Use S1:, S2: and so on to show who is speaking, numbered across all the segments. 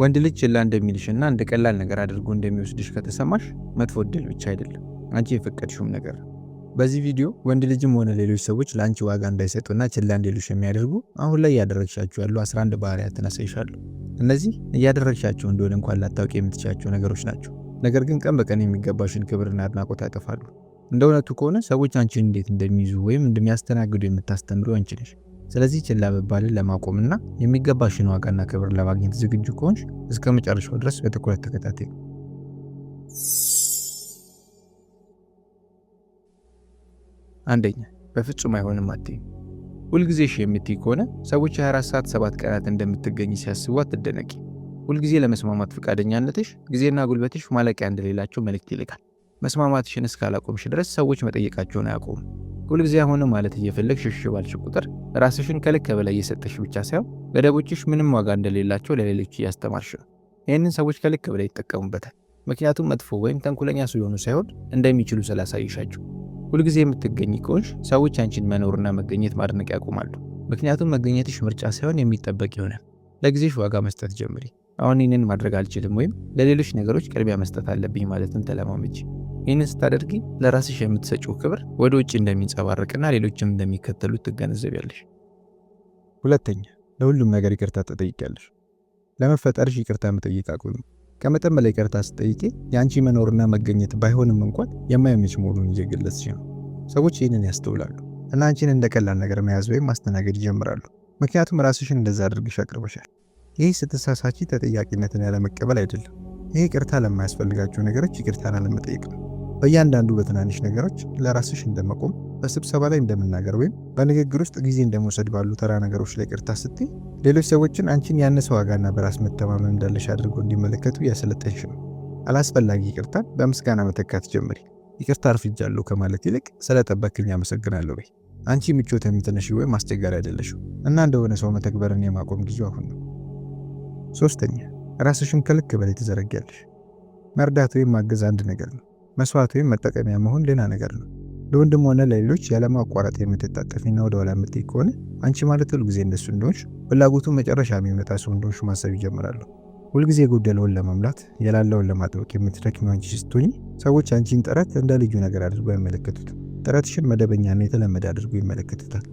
S1: ወንድ ልጅ ችላ እንደሚልሽና እንደ ቀላል ነገር አድርጎ እንደሚወስድሽ ከተሰማሽ መጥፎ እድል ብቻ አይደለም፣ አንቺ የፈቀድሽውም ነገር። በዚህ ቪዲዮ ወንድ ልጅም ሆነ ሌሎች ሰዎች ለአንቺ ዋጋ እንዳይሰጡና ችላ እንዲሉሽ የሚያደርጉ አሁን ላይ እያደረግሻቸው ያሉ 11 ባህሪያትን አሳይሻለሁ። እነዚህ እያደረግሻቸው እንደሆነ እንኳን ላታውቂ የምትችያቸው ነገሮች ናቸው፣ ነገር ግን ቀን በቀን የሚገባሽን ክብርና አድናቆት ያጠፋሉ። እንደ እውነቱ ከሆነ ሰዎች አንቺን እንዴት እንደሚይዙ ወይም እንደሚያስተናግዱ የምታስተምሩ። አንቺ ነሽ። ስለዚህ ችላ መባልን ለማቆምና የሚገባሽን ዋጋና ክብር ለማግኘት ዝግጁ ከሆንሽ እስከ መጨረሻው ድረስ በትኩረት ተከታተይ። አንደኛ በፍጹም አይሆንም አትይ። ሁልጊዜ እሺ የምትይ ከሆነ ሰዎች 24 ሰዓት ሰባት ቀናት እንደምትገኝ ሲያስቡ አትደነቂ። ሁልጊዜ ለመስማማት ፈቃደኛነትሽ ጊዜና ጉልበትሽ ማለቂያ እንደሌላቸው መልእክት ይልካል። መስማማትሽን እስካላቆምሽ ድረስ ሰዎች መጠየቃቸውን አያቆሙም። ሁልጊዜ አሁን ማለት እየፈለግ እሺ ባልሽ ቁጥር ራስሽን ከልክ በላይ እየሰጠሽ ብቻ ሳይሆን ገደቦችሽ ምንም ዋጋ እንደሌላቸው ለሌሎች እያስተማርሽ ነው። ይህንን ሰዎች ከልክ በላይ ይጠቀሙበታል። ምክንያቱም መጥፎ ወይም ተንኮለኛ የሆኑ ሳይሆን እንደሚችሉ ስላሳይሻቸው። ሁልጊዜ የምትገኝ ከሆንሽ ሰዎች አንቺን መኖርና መገኘት ማድነቅ ያቆማሉ። ምክንያቱም መገኘትሽ ምርጫ ሳይሆን የሚጠበቅ ይሆናል። ለጊዜሽ ዋጋ መስጠት ጀምሪ። አሁን ይህንን ማድረግ አልችልም ወይም ለሌሎች ነገሮች ቅድሚያ መስጠት አለብኝ ማለትን ተለማመጂ። ይህንን ስታደርጊ ለራስሽ የምትሰጪው ክብር ወደ ውጭ እንደሚንጸባረቅና ሌሎችም እንደሚከተሉት ትገነዘቢያለሽ። ሁለተኛ፣ ለሁሉም ነገር ይቅርታ ትጠይቂያለሽ። ለመፈጠርሽ ይቅርታ መጠየቅ አቁሚ። ከመጠን በላይ ይቅርታ ስትጠይቂ የአንቺ መኖርና መገኘት ባይሆንም እንኳን የማይመች መሆኑን እየገለጽሽ ነው። ሰዎች ይህንን ያስተውላሉ እና አንቺን እንደ ቀላል ነገር መያዝ ወይም ማስተናገድ ይጀምራሉ። ምክንያቱም ራስሽን እንደዛ አድርግሽ አቅርበሻል። ይህ ስትሳሳቺ ተጠያቂነትን ያለመቀበል አይደለም። ይህ ይቅርታ ለማያስፈልጋቸው ነገሮች ይቅርታን አለመጠየቅ ነው። በእያንዳንዱ በትናንሽ ነገሮች ለራስሽ እንደመቆም በስብሰባ ላይ እንደምናገር ወይም በንግግር ውስጥ ጊዜ እንደመውሰድ ባሉ ተራ ነገሮች ላይ ቅርታ ስትይ ሌሎች ሰዎችን አንቺን ያነሰ ዋጋና በራስ መተማመን እንዳለሽ አድርጎ እንዲመለከቱ ያሰለጠንሽ ነው። አላስፈላጊ ይቅርታን በምስጋና መተካት ጀምሪ። ይቅርታ አርፍጃለሁ ከማለት ይልቅ ስለጠበቅኝ አመሰግናለሁ በይ። አንቺ ምቾት የምትነሺው ወይም አስቸጋሪ አይደለሽው እና እንደሆነ ሰው መተግበርን የማቆም ጊዜው አሁን ነው። ሶስተኛ ራስሽን ከልክ በላይ ትዘረጊያለሽ። መርዳት ወይም ማገዝ አንድ ነገር ነው። መስዋዕት ወይም መጠቀሚያ መሆን ሌላ ነገር ነው። ለወንድም ሆነ ለሌሎች ያለማቋረጥ የምትጣጠፊና ወደ ኋላ የምትይ ከሆነ አንቺ ማለት ሁልጊዜ እንደሱ እንደሆንሽ፣ ፍላጎቱ መጨረሻ የሚመጣ ሰው እንደሆንሽ ማሰብ ይጀምራሉ። ሁልጊዜ የጎደለውን ለመምላት የላለውን ለማጥበቅ የምትደክሚ አንቺ ስትሆኝ ሰዎች አንቺን ጥረት እንደ ልዩ ነገር አድርጎ ያመለከቱት፣ ጥረትሽን መደበኛና የተለመደ አድርጎ ይመለከቱታል።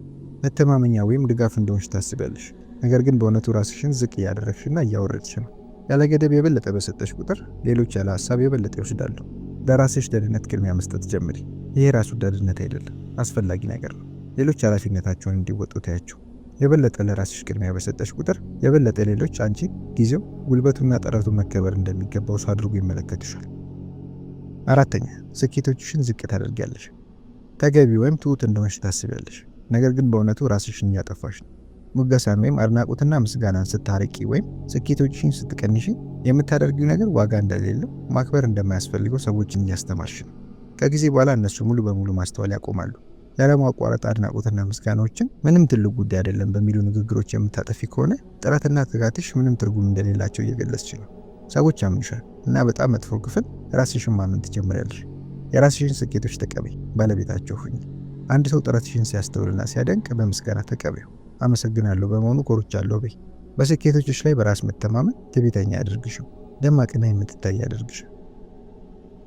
S1: መተማመኛ ወይም ድጋፍ እንደሆንሽ ታስቢያለሽ። ነገር ግን በእውነቱ ራስሽን ዝቅ እያደረግሽና እያወረድሽ ነው። ያለ ገደብ የበለጠ በሰጠሽ ቁጥር ሌሎች ያለ ሀሳብ የበለጠ ይወስዳሉ። ለራስሽ ደህንነት ቅድሚያ መስጠት ጀምሪ። ይሄ ራሱ ደህንነት አይደለም፣ አስፈላጊ ነገር ነው። ሌሎች ኃላፊነታቸውን እንዲወጡ ታያቸው። የበለጠ ለራስሽ ቅድሚያ በሰጠሽ ቁጥር የበለጠ ሌሎች አንቺ ጊዜው፣ ጉልበቱና ጥረቱ መከበር እንደሚገባው ሰው አድርጎ ይመለከቱሻል። አራተኛ ስኬቶችሽን ዝቅ ታደርጊያለሽ። ተገቢ ወይም ትሁት እንደሆንሽ ታስቢያለሽ፣ ነገር ግን በእውነቱ ራስሽን እያጠፋሽ ነው። ሙገሳን ወይም አድናቆትና ምስጋናን ስታርቂ ወይም ስኬቶችን ስትቀንሽ የምታደርጊው ነገር ዋጋ እንደሌለው ማክበር እንደማያስፈልገው ሰዎችን እያስተማርሽ ነው። ከጊዜ በኋላ እነሱ ሙሉ በሙሉ ማስተዋል ያቆማሉ። ያለማቋረጥ አድናቆትና ምስጋናዎችን ምንም ትልቅ ጉዳይ አይደለም በሚሉ ንግግሮች የምታጠፊ ከሆነ ጥረትና ትጋትሽ ምንም ትርጉም እንደሌላቸው እየገለጽሽ ነው። ሰዎች ያምንሻል እና በጣም መጥፎ ክፍል ራስሽን ማመን ትጀምሪያለሽ። የራስሽን ስኬቶች ተቀበይ፣ ባለቤታቸው ሁኚ። አንድ ሰው ጥረትሽን ሲያስተውልና ሲያደንቅ በምስጋና ተቀበዩ። አመሰግናለሁ በመሆኑ ኮርቻለሁ በይ። በስኬቶችሽ ላይ በራስ መተማመን ትዕቢተኛ ያደርግሽው፣ ደማቅና የምትታይ ያደርግሽው።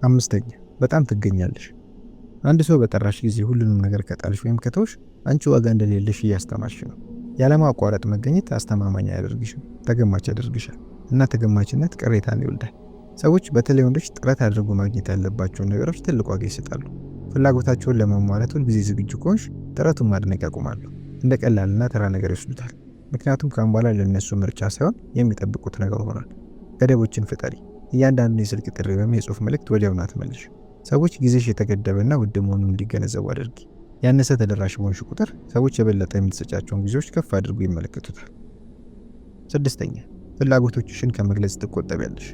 S1: አምስተኛ በጣም ትገኛለሽ። አንድ ሰው በጠራሽ ጊዜ ሁሉንም ነገር ከጣልሽ ወይም ከተውሽ አንቺ ዋጋ እንደሌለሽ እያስተማርሽ ነው። ያለማቋረጥ መገኘት አስተማማኝ አያደርግሽም፣ ተገማች ያደርግሻል እና ተገማችነት ቅሬታን ይወልዳል። ሰዎች በተለይ ወንዶች ጥረት አድርጎ ማግኘት ያለባቸውን ነገሮች ትልቅ ዋጋ ይሰጣሉ። ፍላጎታቸውን ለመሟላት ሁልጊዜ ዝግጁ ከሆንሽ ጥረቱን ማድነቅ ያቆማሉ። እንደ ቀላልና ተራ ነገር ይወስዱታል። ምክንያቱም ከአሁን በኋላ ለእነሱ ምርጫ ሳይሆን የሚጠብቁት ነገር ሆኗል። ገደቦችን ፍጠሪ። እያንዳንዱን የስልክ ጥሪ ወይም የጽሁፍ መልእክት ወዲያውኑ አትመልሽ። ሰዎች ጊዜሽ የተገደበና ውድ መሆኑን እንዲገነዘቡ አድርጊ። ያነሰ ተደራሽ በሆንሽ ቁጥር ሰዎች የበለጠ የምትሰጫቸውን ጊዜዎች ከፍ አድርጎ ይመለከቱታል። ስድስተኛ ፍላጎቶችሽን ከመግለጽ ትቆጠቢያለሽ።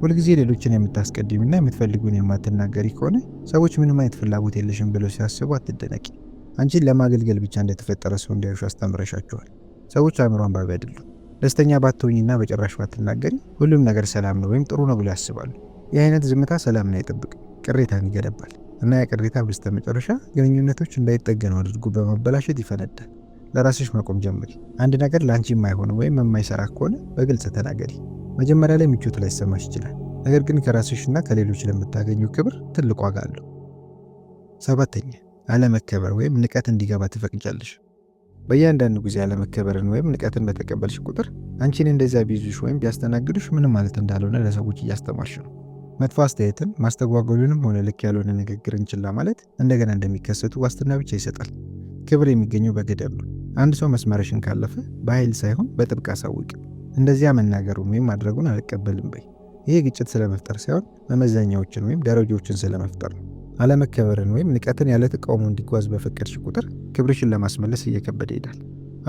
S1: ሁልጊዜ ሌሎችን የምታስቀድሚና የምትፈልጉን የማትናገሪ ከሆነ ሰዎች ምንም አይነት ፍላጎት የለሽም ብለው ሲያስቡ አትደነቂ። አንቺን ለማገልገል ብቻ እንደተፈጠረ ሰው እንዲያዩሽ አስተምረሻቸዋል። ሰዎች አእምሮ አንባቢ አይደሉም። ደስተኛ ባትሆኝና በጭራሽ ባትናገሪ ሁሉም ነገር ሰላም ነው ወይም ጥሩ ነው ብሎ ያስባሉ። ይህ አይነት ዝምታ ሰላምን አይጠብቅም፣ ቅሬታን ይገደባል እና ያ ቅሬታ በስተ መጨረሻ ግንኙነቶች እንዳይጠገኑ አድርጎ በማበላሸት ይፈነዳል። ለራስሽ መቆም ጀምሪ። አንድ ነገር ለአንቺ የማይሆን ወይም የማይሰራ ከሆነ በግልጽ ተናገሪ። መጀመሪያ ላይ ምቾት ላይሰማሽ ይችላል፣ ነገር ግን ከራስሽና ከሌሎች ለምታገኙ ክብር ትልቅ ዋጋ አለው። ሰባተኛ አለመከበር ወይም ንቀት እንዲገባ ትፈቅጃለሽ። በእያንዳንዱ ጊዜ አለመከበርን ወይም ንቀትን በተቀበልሽ ቁጥር አንቺን እንደዚያ ቢይዙሽ ወይም ቢያስተናግዱሽ ምንም ማለት እንዳልሆነ ለሰዎች እያስተማርሽ ነው። መጥፎ አስተያየትን ማስተጓጎሉንም ሆነ ልክ ያልሆነ ንግግርን ችላ ማለት እንደገና እንደሚከሰቱ ዋስትና ብቻ ይሰጣል። ክብር የሚገኘው በገደብ ነው። አንድ ሰው መስመረሽን ካለፈ በኃይል ሳይሆን በጥብቅ አሳውቅ እንደዚያ መናገሩን ወይም ማድረጉን አልቀበልም በይ። ይሄ ግጭት ስለመፍጠር ሳይሆን መመዘኛዎችን ወይም ደረጃዎችን ስለመፍጠር ነው። አለመከበርን ወይም ንቀትን ያለ ተቃውሞ እንዲጓዝ በፈቀድሽ ቁጥር ክብርሽን ለማስመለስ እየከበደ ይሄዳል።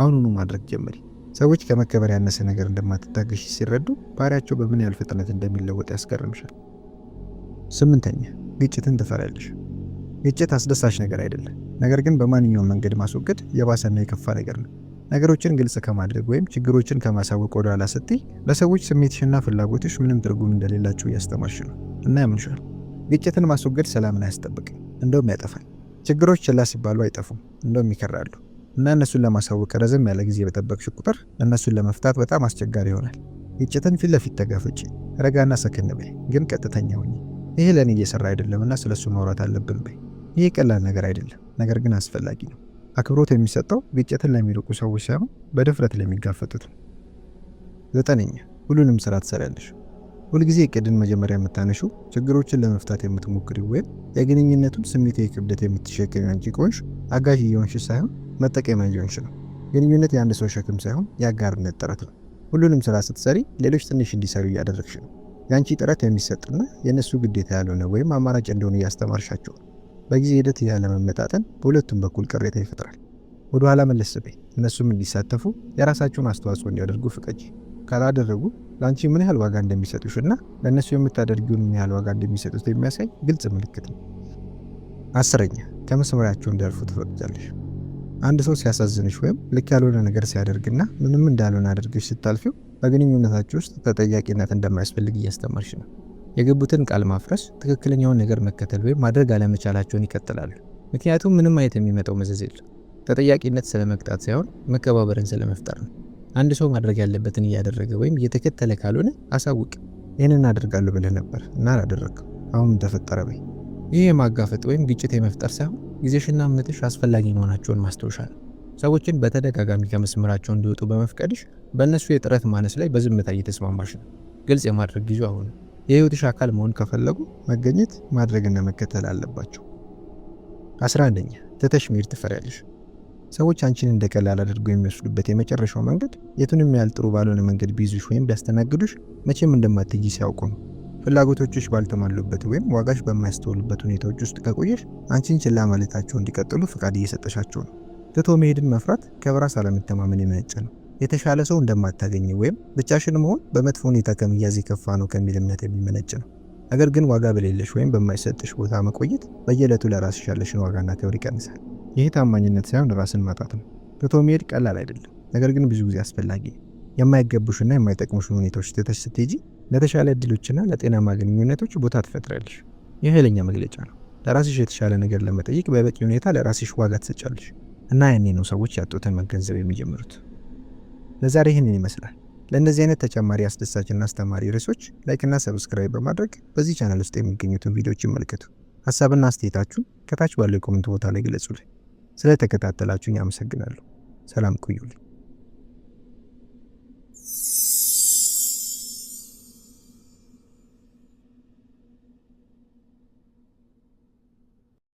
S1: አሁኑኑ ማድረግ ጀመሪ። ሰዎች ከመከበር ያነሰ ነገር እንደማትታገሽ ሲረዱ ባህሪያቸው በምን ያህል ፍጥነት እንደሚለወጥ ያስገርምሻል። ስምንተኛ ግጭትን ትፈሪያለሽ። ግጭት አስደሳች ነገር አይደለም፣ ነገር ግን በማንኛውም መንገድ ማስወገድ የባሰና የከፋ ነገር ነው። ነገሮችን ግልጽ ከማድረግ ወይም ችግሮችን ከማሳወቅ ወደ ኋላ ስትይ ለሰዎች ስሜትሽና ፍላጎትሽ ምንም ትርጉም እንደሌላቸው እያስተማርሽ ነው እና ያምንሻል። ግጭትን ማስወገድ ሰላምን አያስጠብቅ፣ እንደውም ያጠፋል። ችግሮች ችላ ሲባሉ አይጠፉም፣ እንደውም ይከራሉ። እና እነሱን ለማሳወቅ ረዘም ያለ ጊዜ በጠበቅሽ ቁጥር እነሱን ለመፍታት በጣም አስቸጋሪ ይሆናል። ግጭትን ፊት ለፊት ተጋፍጪ፣ ረጋና ሰክን በይ፣ ግን ቀጥተኛ ሁኚ። ይሄ ለእኔ እየሰራ አይደለምና ስለሱ ማውራት አለብን በይ። ይህ ቀላል ነገር አይደለም፣ ነገር ግን አስፈላጊ ነው። አክብሮት የሚሰጠው ግጭትን ለሚርቁ ሰዎች ሳይሆን በድፍረት ለሚጋፈጡት ነው። ዘጠነኛ ሁሉንም ስራ ትሰሪያለሽ። ሁልጊዜ እቅድን መጀመሪያ የምታነሹ ችግሮችን ለመፍታት የምትሞክሪ ወይም የግንኙነቱን ስሜት ክብደት የምትሸክም አንቺ ከሆንሽ አጋዥ እየሆንሽ ሳይሆን መጠቀሚያ እየሆንሽ ነው። ግንኙነት የአንድ ሰው ሸክም ሳይሆን የአጋርነት ጥረት ነው። ሁሉንም ስራ ስትሰሪ ሌሎች ትንሽ እንዲሰሩ እያደረግሽ ነው። የአንቺ ጥረት የሚሰጥና የእነሱ ግዴታ ያልሆነ ወይም አማራጭ እንደሆነ እያስተማርሻቸው በጊዜ ሂደት ያለመመጣጠን በሁለቱም በኩል ቅሬታ ይፈጥራል። ወደኋላ መለስ በይ፣ እነሱም እንዲሳተፉ የራሳቸውን አስተዋጽኦ እንዲያደርጉ ፍቀጅ። ካላደረጉ ለአንቺ ምን ያህል ዋጋ እንደሚሰጡሽ እና ለእነሱ የምታደርጊውን ምን ያህል ዋጋ እንደሚሰጡት የሚያሳይ ግልጽ ምልክት ነው። አስረኛ ከመስመሪያቸው እንዲያልፉ ትፈቅጃለሽ። አንድ ሰው ሲያሳዝንሽ ወይም ልክ ያልሆነ ነገር ሲያደርግና ምንም እንዳልሆነ አድርገሽ ስታልፊው በግንኙነታቸው ውስጥ ተጠያቂነት እንደማያስፈልግ እያስተማርሽ ነው። የገቡትን ቃል ማፍረስ፣ ትክክለኛውን ነገር መከተል ወይም ማድረግ አለመቻላቸውን ይቀጥላሉ። ምክንያቱም ምንም አይነት የሚመጣው መዘዝ የለም። ተጠያቂነት ስለመቅጣት ሳይሆን መከባበርን ስለመፍጠር ነው። አንድ ሰው ማድረግ ያለበትን እያደረገ ወይም እየተከተለ ካልሆነ አሳውቅ። ይህንን አደርጋለሁ ብለህ ነበር እና አላደረግም፣ አሁን ተፈጠረ በይ። ይህ የማጋፈጥ ወይም ግጭት የመፍጠር ሳይሆን ጊዜሽና እምነትሽ አስፈላጊ መሆናቸውን ማስታወሻ ነው። ሰዎችን በተደጋጋሚ ከመስመራቸው እንዲወጡ በመፍቀድሽ በእነሱ የጥረት ማነስ ላይ በዝምታ እየተስማማሽ ነው። ግልጽ የማድረግ ጊዜው አሁን። የህይወትሽ አካል መሆን ከፈለጉ መገኘት፣ ማድረግና መከተል አለባቸው። 11ኛ ትተሽ መሄድ ትፈሪያለሽ። ሰዎች አንቺን እንደ ቀላል አድርገው የሚወስዱበት የመጨረሻው መንገድ የቱንም ያህል ጥሩ ባልሆነ መንገድ ቢይዙሽ ወይም ቢያስተናግዱሽ መቼም እንደማትይ ሲያውቁ ነው። ፍላጎቶችሽ ባልተሟሉበት ወይም ዋጋሽ በማያስተውሉበት ሁኔታዎች ውስጥ ከቆየሽ አንቺን ችላ ማለታቸው እንዲቀጥሉ ፍቃድ እየሰጠሻቸው ነው። ትቶ መሄድን መፍራት ከብራስ አለመተማመን የመነጨ ነው። የተሻለ ሰው እንደማታገኝ ወይም ብቻሽን መሆን በመጥፎ ሁኔታ ከመያዝ የከፋ ነው ከሚል እምነት የሚመነጭ ነው። ነገር ግን ዋጋ በሌለሽ ወይም በማይሰጥሽ ቦታ መቆየት በየዕለቱ ለራስሽ ያለሽን ዋጋና ክብር ይቀንሳል። ይህ ታማኝነት ሳይሆን ራስን ማጣት ነው። ትቶ መሄድ ቀላል አይደለም፣ ነገር ግን ብዙ ጊዜ አስፈላጊ። የማይገቡሽና የማይጠቅሙሽን ሁኔታዎች ትተሽ ስትሄጂ ለተሻለ እድሎችና ለጤናማ ግንኙነቶች ቦታ ትፈጥራለሽ። ይህ ኃይለኛ መግለጫ ነው። ለራስሽ የተሻለ ነገር ለመጠየቅ በበቂ ሁኔታ ለራስሽ ዋጋ ትሰጫለሽ እና ያኔ ነው ሰዎች ያጡትን መገንዘብ የሚጀምሩት። ለዛሬ ይህንን ይመስላል። ለእነዚህ አይነት ተጨማሪ አስደሳችና አስተማሪ ርዕሶች ላይክና ሰብስክራይብ በማድረግ በዚህ ቻናል ውስጥ የሚገኙትን ቪዲዮዎች ይመልከቱ። ሀሳብና አስተያየታችሁን ከታች ባለው የኮሜንት ቦታ ላይ ግለጹልኝ። ስለተከታተላችሁኝ አመሰግናለሁ። ሰላም ቆዩልኝ።